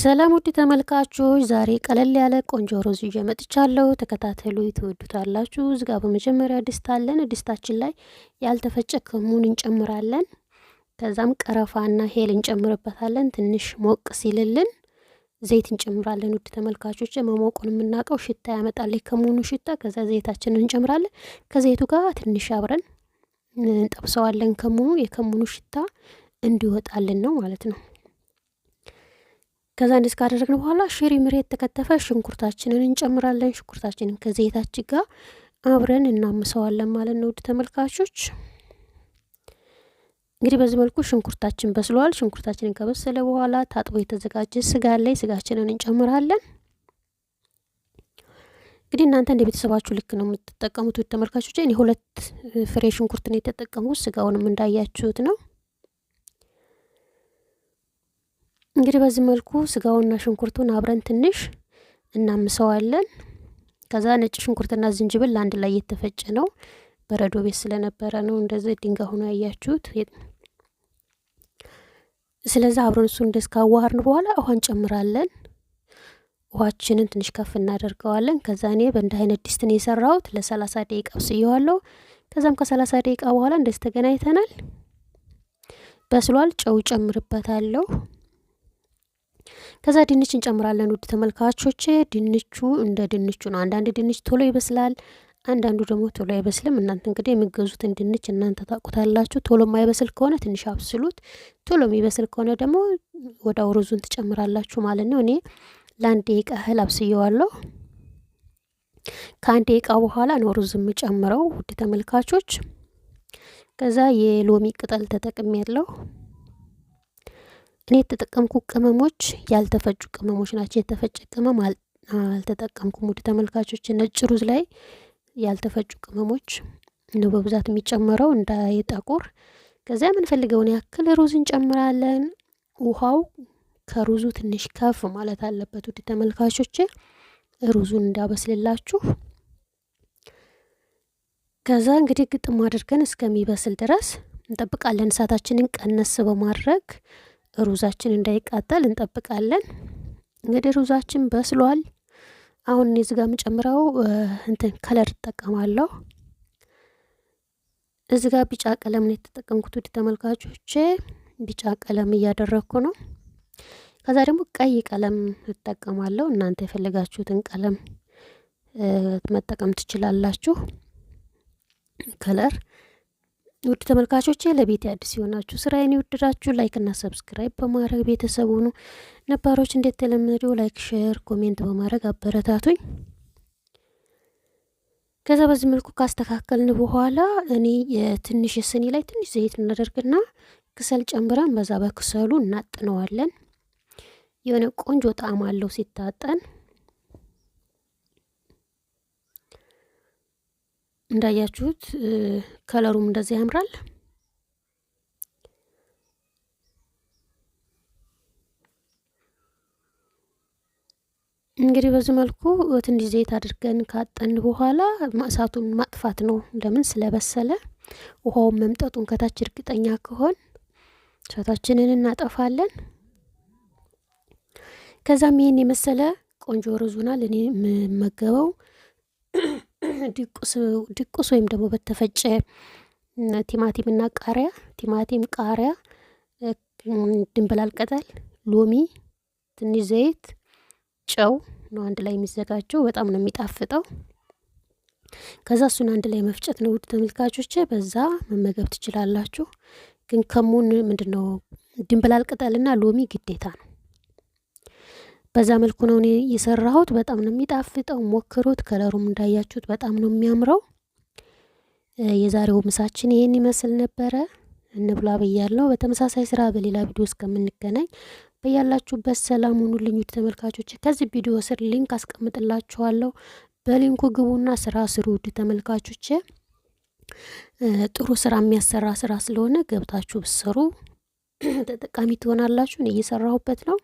ሰላም ውድ ተመልካቾች፣ ዛሬ ቀለል ያለ ቆንጆ ሩዝ ይዤ መጥቻለሁ። ተከታተሉ፣ ትወዱታላችሁ። ጋር በመጀመሪያ ድስት አለን። ድስታችን ላይ ያልተፈጨ ከሙን እንጨምራለን። ከዛም ቀረፋና ሄል እንጨምርበታለን። ትንሽ ሞቅ ሲልልን ዘይት እንጨምራለን። ውድ ተመልካቾች፣ መሞቁን የምናውቀው ሽታ ያመጣል፣ ከሙኑ ሽታ። ከዛ ዘይታችንን እንጨምራለን። ከዘይቱ ጋር ትንሽ አብረን እንጠብሰዋለን። ከሙኑ የከሙኑ ሽታ እንዲወጣልን ነው ማለት ነው። ከዛ እንደዚህ ካደረግን በኋላ ሽሪ ምሬት ተከተፈ ሽንኩርታችንን እንጨምራለን። ሽንኩርታችንን ከዘይታችን ጋር አብረን እናምሰዋለን ማለት ነው። ውድ ተመልካቾች እንግዲህ በዚህ መልኩ ሽንኩርታችን በስሏል። ሽንኩርታችንን ከበሰለ በኋላ ታጥቦ የተዘጋጀ ስጋ ላይ ስጋችንን እንጨምራለን። እንግዲህ እናንተ እንደ ቤተሰባችሁ ልክ ነው የምትጠቀሙት። ውድ ተመልካቾች እኔ ሁለት ፍሬ ሽንኩርት ነው የተጠቀሙት። ስጋውንም እንዳያችሁት ነው። እንግዲህ በዚህ መልኩ ስጋውና ሽንኩርቱን አብረን ትንሽ እናምሰዋለን። ከዛ ነጭ ሽንኩርትና ዝንጅብል አንድ ላይ የተፈጨ ነው። በረዶ ቤት ስለነበረ ነው እንደዚህ ድንጋይ ሆኖ ያያችሁት። ስለዚህ አብረን እሱ እንደስካዋህርን በኋላ ውሃ እንጨምራለን። ውሃችንን ትንሽ ከፍ እናደርገዋለን። ከዛ እኔ በእንደ አይነት ድስትን የሰራሁት ለሰላሳ ደቂቃ ብስየዋለሁ። ከዛም ከሰላሳ ደቂቃ በኋላ እንደዚህ ተገናኝተናል። በስሏል። ጨው ጨምርበታለሁ። ከዛ ድንች እንጨምራለን። ውድ ተመልካቾች ድንቹ እንደ ድንቹ ነው። አንዳንድ ድንች ቶሎ ይበስላል፣ አንዳንዱ ደግሞ ቶሎ አይበስልም። እናንተ እንግዲህ የሚገዙትን ድንች እናንተ ታውቁታላችሁ። ቶሎ የማይበስል ከሆነ ትንሽ አብስሉት፣ ቶሎ የሚበስል ከሆነ ደግሞ ወደ አውሮዙን ትጨምራላችሁ ማለት ነው። እኔ ለአንድ ደቂቃ ያህል አብስየዋለሁ። ከአንድ ደቂቃ በኋላ ነው ሩዝ የምጨምረው ውድ ተመልካቾች። ከዛ የሎሚ ቅጠል ተጠቅሜ ያለው እኔ የተጠቀምኩ ቅመሞች ያልተፈጩ ቅመሞች ናቸው። የተፈጨ ቅመም አልተጠቀምኩም። ውድ ተመልካቾች ነጭ ሩዝ ላይ ያልተፈጩ ቅመሞች ነው በብዛት የሚጨመረው እንዳይጠቁር። ከዚያ የምንፈልገውን ያክል ሩዝ እንጨምራለን። ውሃው ከሩዙ ትንሽ ከፍ ማለት አለበት። ውድ ተመልካቾች ሩዙን እንዳበስልላችሁ። ከዛ እንግዲህ ግጥም አድርገን እስከሚበስል ድረስ እንጠብቃለን። እሳታችንን ቀነስ በማድረግ ሩዛችን እንዳይቃጠል እንጠብቃለን። እንግዲህ ሩዛችን በስሏል። አሁን እኔ እዚህ ጋር የምጨምረው እንትን ከለር እጠቀማለሁ። እዚጋ ቢጫ ቀለም ነው የተጠቀምኩት። ውድ ተመልካቾቼ ቢጫ ቀለም እያደረግኩ ነው። ከዛ ደግሞ ቀይ ቀለም እጠቀማለሁ። እናንተ የፈለጋችሁትን ቀለም መጠቀም ትችላላችሁ። ከለር ውድ ተመልካቾች ለቤት አዲስ የሆናችሁ ስራዬን ላይክ ላይክና ሰብስክራይብ በማድረግ ቤተሰቡ ሁኑ። ነባሮች እንደተለመደው ላይክ፣ ሼር፣ ኮሜንት በማድረግ አበረታቱኝ። ከዛ በዚህ መልኩ ካስተካከልን በኋላ እኔ የትንሽ ስኒ ላይ ትንሽ ዘይት እናደርግና ክሰል ጨምረን በዛ በክሰሉ እናጥነዋለን። የሆነ ቆንጆ ጣዕም አለው ሲታጠን እንዳያችሁት ከለሩም እንደዚህ ያምራል። እንግዲህ በዚህ መልኩ ትንሽ ዘይት አድርገን ካጠን በኋላ እሳቱን ማጥፋት ነው። ለምን ስለበሰለ ውሃውን መምጠጡን ከታች እርግጠኛ ከሆን እሳታችንን እናጠፋለን። ከዛም ይህን የመሰለ ቆንጆ ሩዝ ሆናል። እኔ የምመገበው ድቁስ ወይም ደግሞ በተፈጨ ቲማቲም እና ቃሪያ፣ ቲማቲም፣ ቃሪያ፣ ድንብላል ቅጠል፣ ሎሚ፣ ትንሽ ዘይት፣ ጨው ነው አንድ ላይ የሚዘጋጀው። በጣም ነው የሚጣፍጠው። ከዛ እሱን አንድ ላይ መፍጨት ነው። ውድ ተመልካቾች፣ በዛ መመገብ ትችላላችሁ። ግን ከሙን ምንድን ነው ድንብላል ቅጠልና ሎሚ ግዴታ ነው። በዛ መልኩ ነው እኔ የሰራሁት። በጣም ነው የሚጣፍጠው፣ ሞክሩት። ከለሩም እንዳያችሁት በጣም ነው የሚያምረው። የዛሬው ምሳችን ይሄን ይመስል ነበረ። እንብላ ብያለሁ። በተመሳሳይ ስራ በሌላ ቪዲዮ እስከምንገናኝ በያላችሁበት ሰላም ሁኑልኝ ውድ ተመልካቾች። ከዚህ ቪዲዮ ስር ሊንክ አስቀምጥላችኋለሁ። በሊንኩ ግቡና ስራ ስሩ ውድ ተመልካቾች። ጥሩ ስራ የሚያሰራ ስራ ስለሆነ ገብታችሁ ብሰሩ ተጠቃሚ ትሆናላችሁ። እየሰራሁበት ነው።